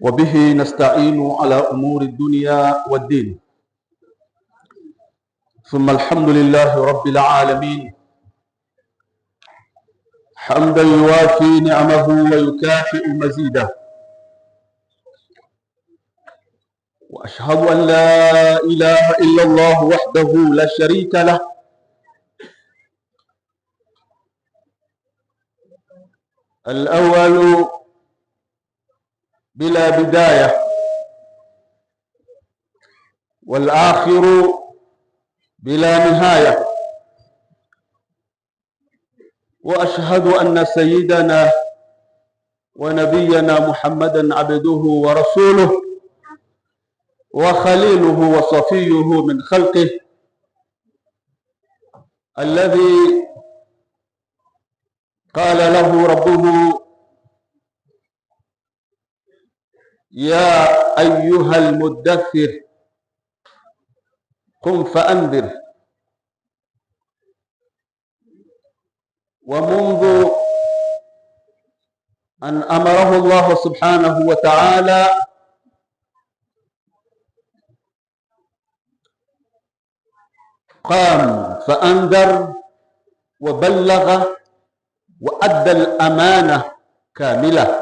وبه نستعين على أمور الدنيا والدين ثم الحمد لله رب العالمين حمدا يوافي نعمه ويكافئ مزيده واشهد ان لا اله الا الله وحده لا شريك له الاول بلا بداية والآخر بلا نهاية وأشهد أن سيدنا ونبينا محمدا عبده ورسوله وخليله وصفيه من خلقه الذي قال له ربه يا أيها المدثر قم فأنذر ومنذ أن أمره الله سبحانه وتعالى قام فأنذر وبلغ وأدى الأمانة كاملة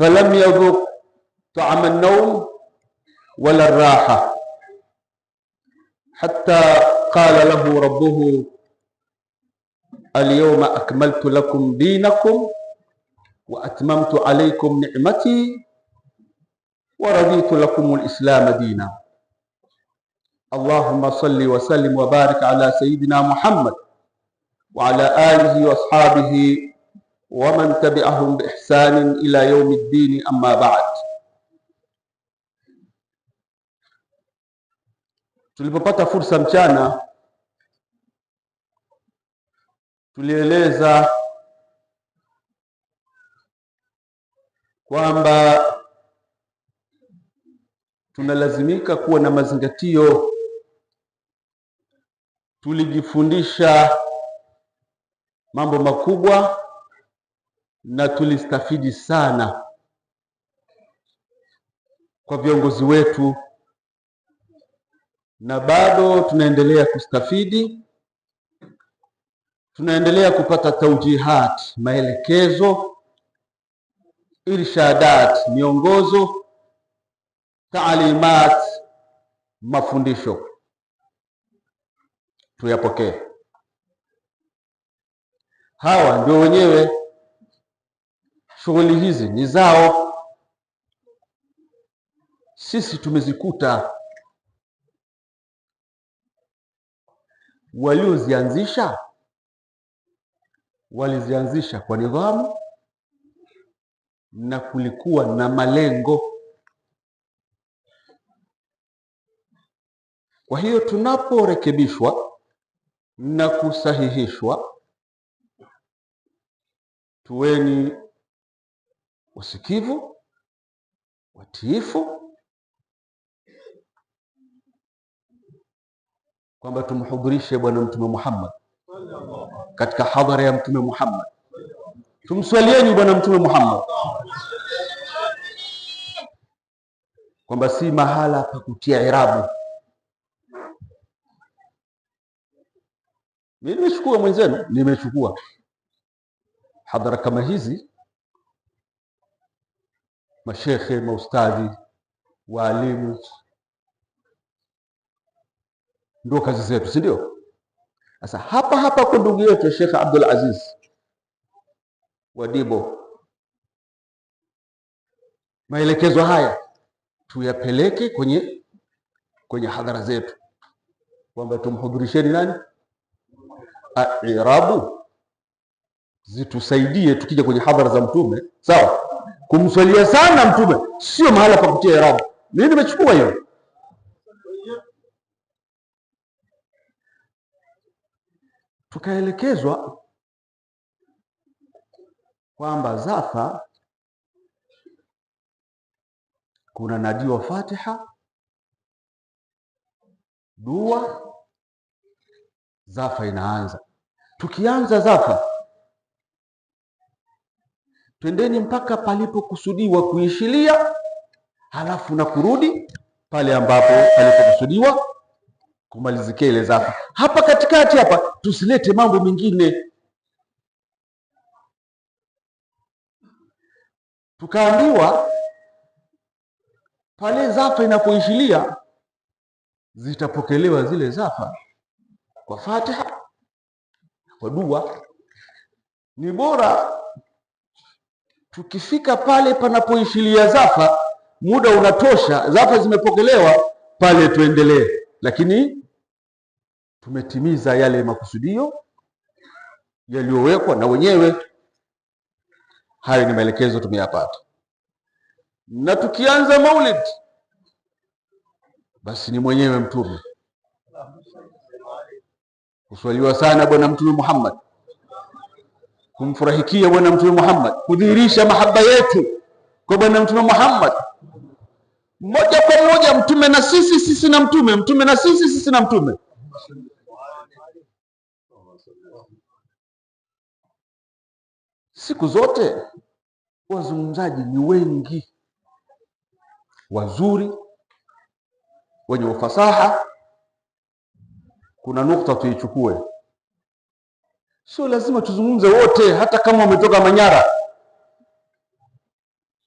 فلم يذوق طعم النوم ولا الراحة حتى قال له ربه اليوم أكملت لكم دينكم وأتممت عليكم نعمتي ورضيت لكم الإسلام دينا اللهم صل وسلم وبارك على سيدنا محمد وعلى آله وأصحابه ومن تبعهم biihsanin ila يوم ddini, amma بعد Tulipopata fursa mchana, tulieleza kwamba tunalazimika kuwa na mazingatio. Tulijifundisha mambo makubwa na tulistafidi sana kwa viongozi wetu na bado tunaendelea kustafidi, tunaendelea kupata taujihat, maelekezo, irshadat, miongozo, taalimat, mafundisho. Tuyapokee. Hawa ndio wenyewe shughuli hizi ni zao, sisi tumezikuta. Waliozianzisha walizianzisha kwa nidhamu na kulikuwa na malengo. Kwa hiyo tunaporekebishwa na kusahihishwa, tuweni wasikivu, watiifu, kwamba tumhudhurishe Bwana Mtume Muhammad katika hadhara ya Mtume Muhammad, tumswalieni Bwana Mtume Muhammad, kwamba si mahala pa kutia irabu. Mimi nimechukua mwenzenu, nimechukua hadhara kama hizi mashekhe, maustadhi, waalimu, ndio kazi zetu, si ndio? Sasa hapa hapa kwa ndugu yetu Shekhe Abdul Aziz Wadibo, maelekezo haya tuyapeleke kwenye kwenye hadhara zetu, kwamba tumhudhurisheni nani irabu zitusaidie tukija kwenye hadhara za Mtume, sawa kumswalia sana mtume sio mahala pa kutia irabu. Mimi nimechukua hiyo. Tukaelekezwa kwamba zafa kuna nadiwa Fatiha, dua, zafa inaanza. Tukianza zafa Twendeni mpaka palipokusudiwa kuishilia, halafu na kurudi pale ambapo palipokusudiwa kumalizikia ile zafa. Hapa katikati hapa tusilete mambo mengine. Tukaambiwa pale zafa inapoishilia zitapokelewa zile zafa kwa Fatiha, kwa dua. Ni bora Tukifika pale panapoishilia zafa, muda unatosha, zafa zimepokelewa pale, tuendelee, lakini tumetimiza yale makusudio yaliyowekwa na wenyewe. Hayo ni maelekezo tumeyapata, na tukianza maulid basi ni mwenyewe Mtume kuswaliwa sana Bwana Mtume Muhammad kumfurahikia Bwana Mtume Muhammad, kudhihirisha mahaba yetu kwa Bwana Mtume Muhammad moja kwa moja, mtume na sisi, sisi na mtume, mtume na sisi, sisi na mtume. Siku zote wazungumzaji ni wengi, wazuri, wenye ufasaha. Kuna nukta tuichukue Sio lazima tuzungumze wote, hata kama umetoka Manyara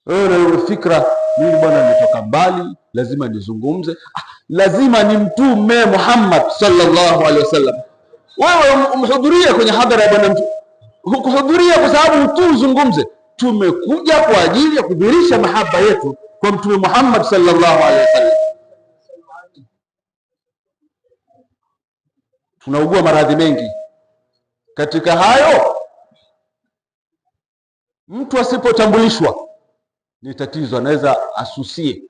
wewe na hiyo fikra, mimi bwana nimetoka mbali, lazima nizungumze, ah, lazima ni Mtume Muhammad sallallahu alaihi wasallam. Wewe umhudhuria kwenye hadhara ya bwana mtu, hukuhudhuria kwa sababu tu uzungumze. Tumekuja kwa ajili ya kudhirisha mahaba yetu kwa Mtume Muhammad sallallahu alaihi wasallam. Tunaugua maradhi mengi katika hayo mtu asipotambulishwa ni tatizo, anaweza asusie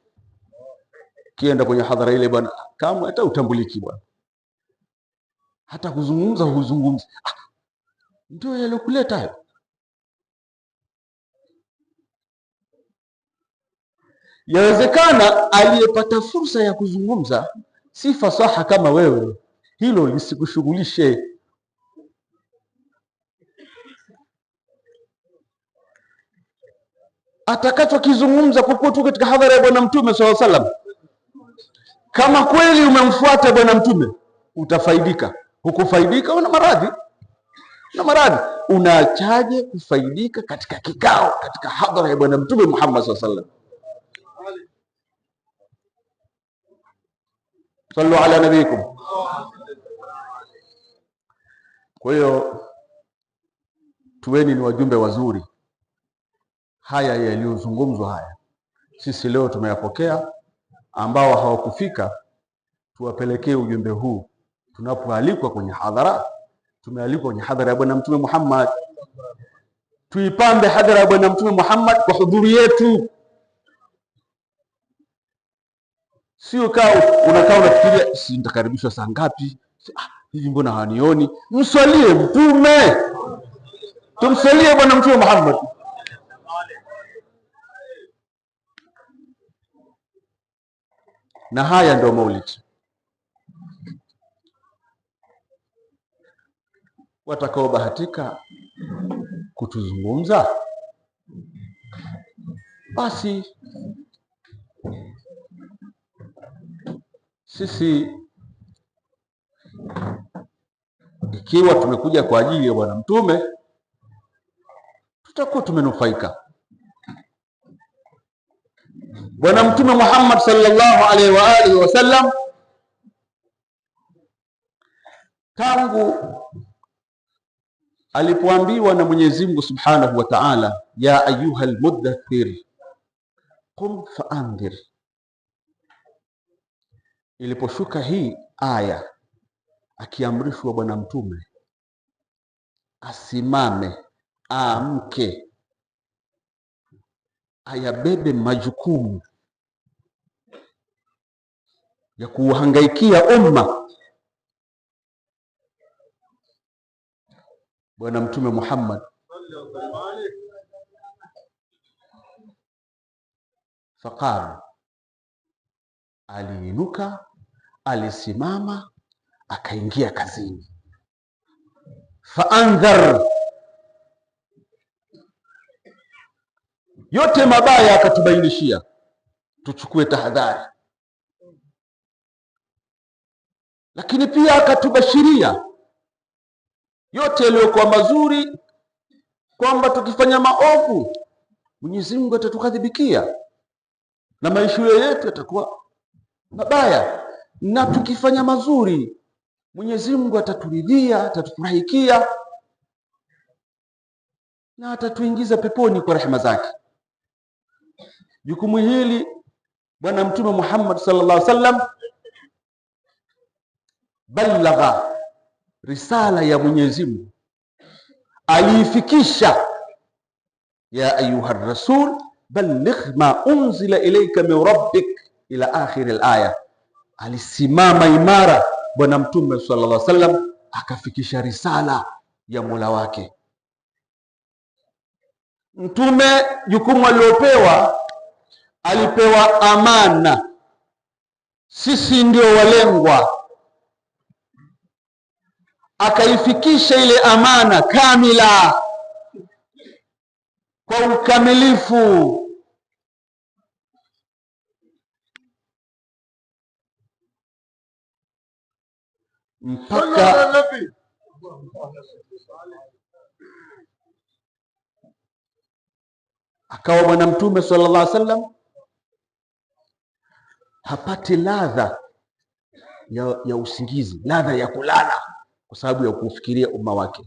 kienda kwenye hadhara ile, bwana kamwe hata utambuliki bwana, hata kuzungumza huzungumzi. Ah, ndio yalokuleta hayo. Yawezekana aliyepata fursa ya kuzungumza si fasaha kama wewe, hilo lisikushughulishe. atakachokizungumza kwa tu katika hadhara ya Bwana Mtume swalla salam. Kama kweli umemfuata Bwana Mtume utafaidika, hukufaidika una maradhi na maradhi. Unaachaje kufaidika katika kikao, katika hadhara ya Bwana Mtume Muhammad swalla salam? Sallu ala nabiyikum. Kwa hiyo tuweni ni wajumbe wazuri haya yaliyozungumzwa haya sisi leo tumeyapokea. Ambao hawakufika tuwapelekee ujumbe huu tunapoalikwa kwenye hadhara. Tumealikwa kwenye hadhara ya Bwana Mtume Muhammad, tuipambe hadhara ya Bwana Mtume Muhammad kwa hudhuri yetu. Sio kaa unakaa unafikiria, si nitakaribishwa saa ngapi? Ah, hivi mbona hawanioni? Mswalie Mtume, tumswalie Bwana Mtume Muhammad. na haya ndio maulidi. Watakaobahatika kutuzungumza basi, sisi ikiwa tumekuja kwa ajili ya Bwana Mtume tutakuwa tumenufaika. Bwana Mtume Muhammad sallallahu alaihi wa alihi wasallam tangu alipoambiwa na Mwenyezi Mungu Subhanahu wa Ta'ala, ya ayuha almudaththir qum faandhir, iliposhuka hii aya akiamrishwa Bwana Mtume asimame aamke ayabebe majukumu ya kuhangaikia umma. Bwana Mtume Muhammad faqala, aliinuka, alisimama, akaingia kazini. faandhar yote mabaya akatubainishia, tuchukue tahadhari. Lakini pia akatubashiria yote yaliyokuwa mazuri, kwamba tukifanya maovu Mwenyezi Mungu atatukadhibikia na maisha yetu yatakuwa mabaya, na tukifanya mazuri Mwenyezi Mungu ataturidhia, atatufurahikia na atatuingiza peponi kwa rehema zake. Jukumu hili Bwana Mtume Muhammad sallallahu alaihi wasallam balagha risala ya Mwenyezi Mungu aliifikisha. Ya ayuha rasul balligh ma unzila ilayka min rabbik ila akhir alaya. Alisimama imara Bwana Mtume sallallahu alaihi wasallam akafikisha risala ya Mola wake. Mtume jukumu aliopewa alipewa amana. Sisi ndio walengwa, akaifikisha ile amana kamila kwa ukamilifu. Mpaka, akawa Bwana Mtume sallallahu alaihi wasallam hapati ladha ya, ya usingizi, ladha ya kulala kwa sababu ya kufikiria umma wake,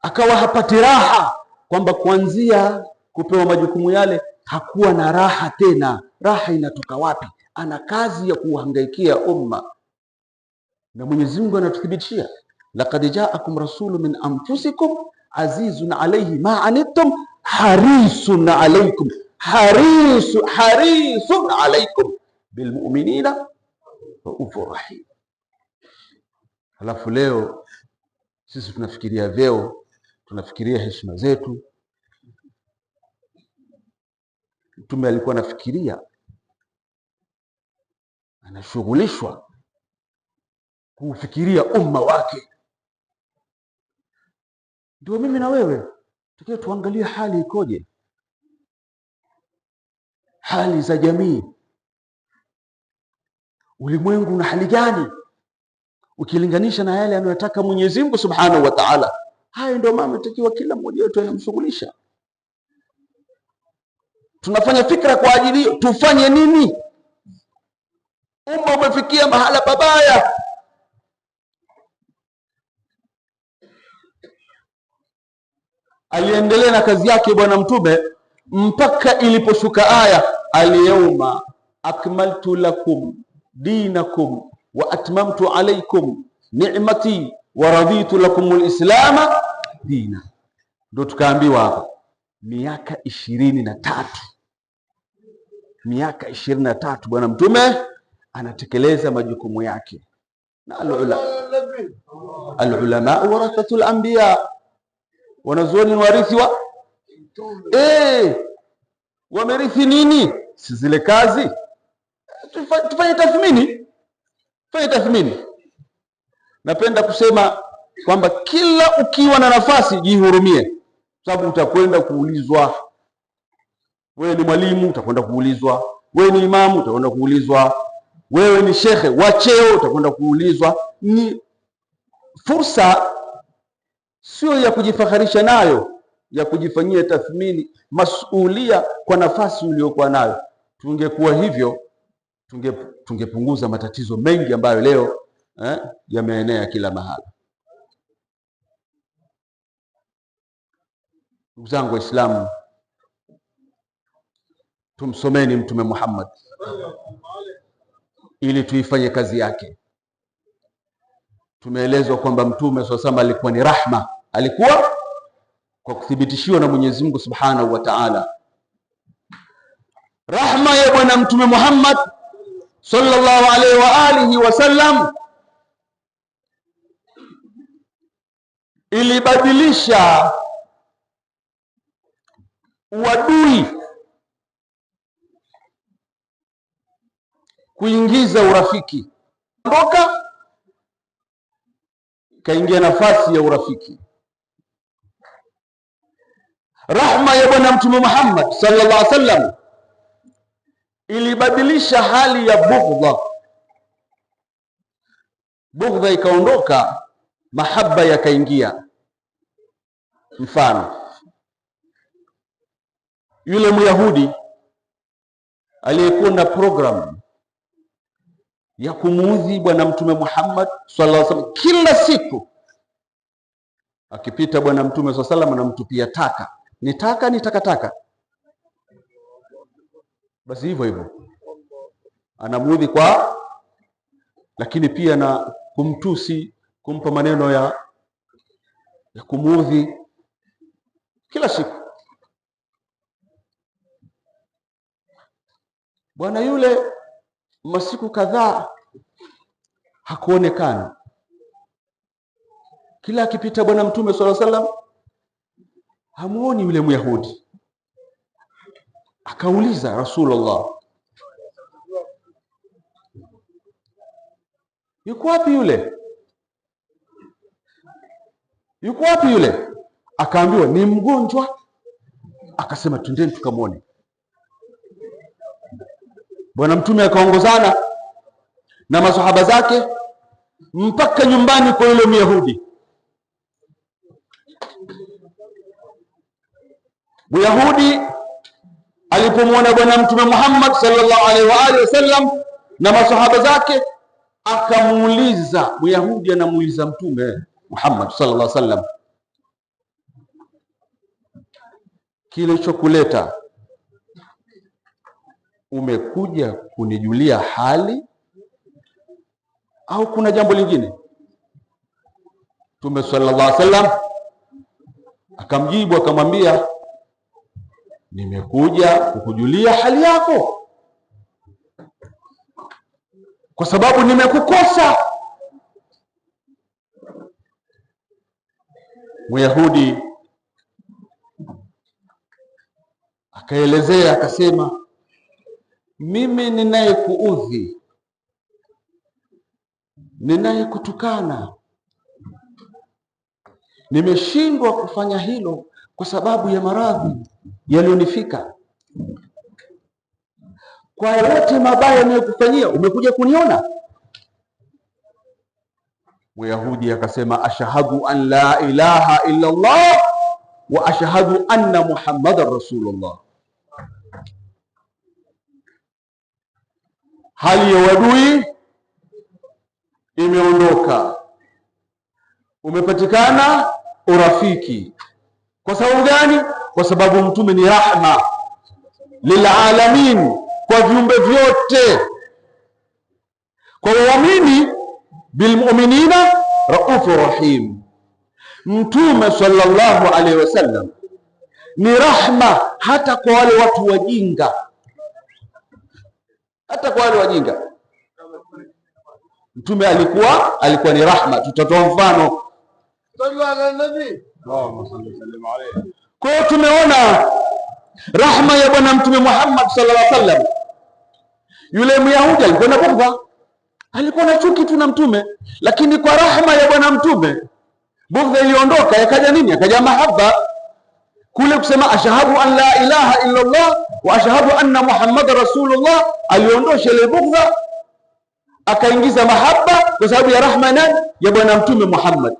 akawa hapati raha, kwamba kuanzia kupewa majukumu yale hakuwa na raha tena. Raha inatoka wapi? Ana kazi ya kuuhangaikia umma, na Mwenyezi Mungu anatuthibitishia, laqad jaakum rasulun min anfusikum azizun alayhi ma anittum harisun alaykum harisu harisun alaikum bilmuminina raufu rahim. Halafu leo sisi tunafikiria vyeo, tunafikiria heshima zetu. Mtume alikuwa anafikiria, anashughulishwa kuufikiria umma wake. Ndio mimi na wewe tukiwa tuangalie hali ikoje hali za jamii. Ulimwengu una hali gani ukilinganisha na yale anayotaka Mwenyezi Mungu Subhanahu wa Ta'ala? Hayo ndio mama inatakiwa kila mmoja wetu anamshughulisha. Tunafanya fikra kwa ajili hiyo, tufanye nini? Umma umefikia mahala pabaya. Aliendelea na kazi yake Bwana Mtume mpaka iliposhuka aya alyawma akmaltu lakum dinakum wa atmamtu alaykum ni'mati wa raditu lakum lislama dina. Ndo tukaambiwa hapa miaka ishirini na tatu miaka ishirini na tatu Bwana Mtume anatekeleza majukumu yake na alulama warathatul anbiya, wanazuoni warithi wa eh wamerithi nini? Si zile kazi. Tufanye tathmini, tufanye tathmini. Napenda kusema kwamba kila ukiwa na nafasi jihurumie, sababu utakwenda kuulizwa. Wewe ni mwalimu, utakwenda kuulizwa. Wewe ni imamu, utakwenda kuulizwa. Wewe ni shekhe wa cheo, utakwenda kuulizwa. Ni fursa, sio ya kujifaharisha nayo ya kujifanyia tathmini masulia kwa nafasi uliokuwa nayo. Tungekuwa hivyo tunge, tungepunguza matatizo mengi ambayo leo eh, yameenea kila mahali. Ndugu zangu Waislamu, tumsomeni Mtume Muhammad ili tuifanye kazi yake. Tumeelezwa kwamba Mtume swalla alikuwa ni rahma, alikuwa kwa kuthibitishiwa na Mwenyezi Mungu Subhanahu wa Ta'ala. Rahma ya Bwana Mtume Muhammad sallallahu alaihi wa alihi wasallam ilibadilisha uadui kuingiza urafiki, mboka ikaingia nafasi ya urafiki. Rahma ya Bwana Mtume Muhammad sallallahu alaihi wasallam ilibadilisha hali ya bughdha, bughdha ikaondoka, mahaba yakaingia. Mfano, yule Myahudi aliyekuwa na programu ya kumuudhi Bwana Mtume Muhammad sallallahu alaihi wasallam kila siku, akipita Bwana Mtume sallallahu alaihi wasallam anamtupia taka ni taka ni takataka, basi hivyo hivyo anamuudhi kwa, lakini pia na kumtusi, kumpa maneno ya, ya kumuudhi kila siku. Bwana yule masiku kadhaa hakuonekana. Kila akipita Bwana Mtume sallallahu alaihi wasallam hamuoni yule Myahudi? Akauliza Rasulullah, yuko wapi yule? Yuko wapi yule? Akaambiwa ni mgonjwa. Akasema twendeni tukamwone. Bwana Mtume akaongozana na masahaba zake mpaka nyumbani kwa yule Myahudi. Myahudi alipomwona Bwana Mtume Muhammad sallallahu alaihi wa alihi wasallam na masahaba zake, akamuuliza Myahudi, anamuuliza Mtume Muhammad sallallahu alaihi wasallam, kilichokuleta umekuja kunijulia hali au kuna jambo lingine? Mtume sallallahu alaihi wasallam akamjibu akamwambia nimekuja kukujulia hali yako, kwa sababu nimekukosa. Myahudi akaelezea akasema, mimi ninayekuudhi, ninayekutukana, nimeshindwa kufanya hilo kwa sababu ya maradhi yaliyonifika, kwa yote mabaya yanayokufanyia umekuja kuniona. Wayahudi akasema ashhadu an la ilaha illa Allah wa ashhadu anna muhammadan rasulullah, hali ya uadui imeondoka, umepatikana urafiki kwa sababu gani? Kwa sababu mtume ni rahma lilalamin, kwa viumbe vyote. Kwa waamini bilmuminina raufu rahim. Mtume sallallahu alaihi wasallam ni rahma hata kwa wale watu wajinga, hata kwa wale wajinga. Mtume alikuwa alikuwa ni rahma. Tutatoa mfano kwa hiyo tumeona rahma ya Bwana Mtume Muhammad sallallahu alaihi wasallam. Yule Myahudi alikuwa na bughudha, alikuwa na chuki tu na Mtume, lakini kwa rahma ya Bwana Mtume bughudha iliondoka, yakaja nini? Yakaja mahaba kule kusema ashhadu an la ilaha illa Allah wa ashhadu anna Muhammad rasulullah. Aliondosha ile bughudha, akaingiza mahaba kwa sababu ya rahma nani? Ya Bwana Mtume Muhammad.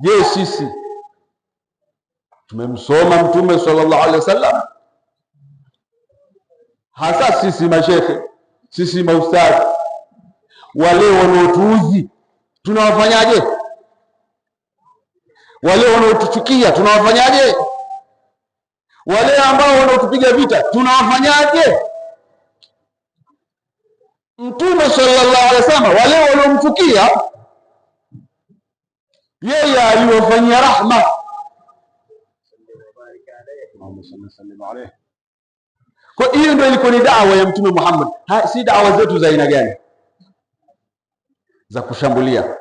Je, sisi tumemsoma Mtume sallallahu alaihi wasallam? Hasa sisi mashekhe, sisi maustadhi, wale wanaotuuzi tunawafanyaje? Wale wanaotuchukia tunawafanyaje? Wale ambao wanaotupiga vita tunawafanyaje? Mtume sallallahu alaihi wasallam, wale wanaomchukia yeye aliwafanyia rahma. Kwa hiyo ndio ilikuwa ni dawa ya Mtume Muhammad, si dawa zetu za aina gani za kushambulia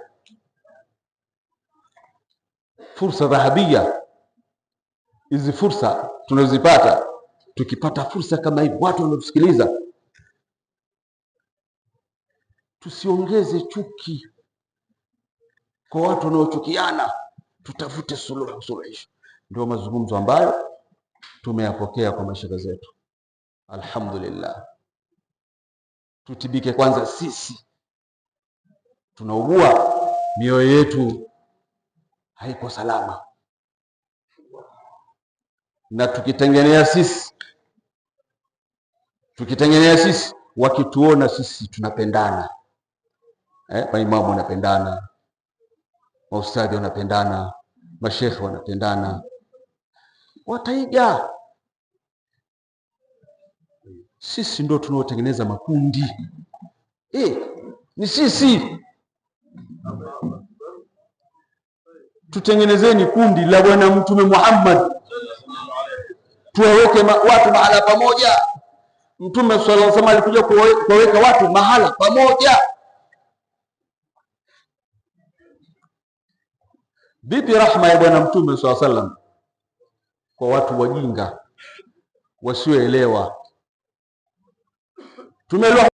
fursa dhahabia. Hizi fursa tunazipata, tukipata fursa kama hivi, watu wanatusikiliza, tusiongeze chuki kwa watu wanaochukiana, tutafute suluhu, suluhisho. Ndio mazungumzo ambayo tumeyapokea kwa mashaka zetu, alhamdulillah. Tutibike kwanza sisi, tunaugua, mioyo yetu haiko salama, na tukitengenea sisi tukitengenea sisi, wakituona sisi tunapendana eh, maimamu wanapendana maustadhi wanapendana, mashekhe wanapendana, wataiga. Sisi ndio tunaotengeneza makundi e, ni sisi. Tutengenezeni kundi la Bwana Mtume Muhammad, tuwaweke ma watu mahala pamoja. Mtume sallallahu alaihi wasallam alikuja kuwaweka watu mahala pamoja. Vipi rahma ya Bwana Mtume swalla sallam kwa watu wajinga wasioelewa? Tumeelewa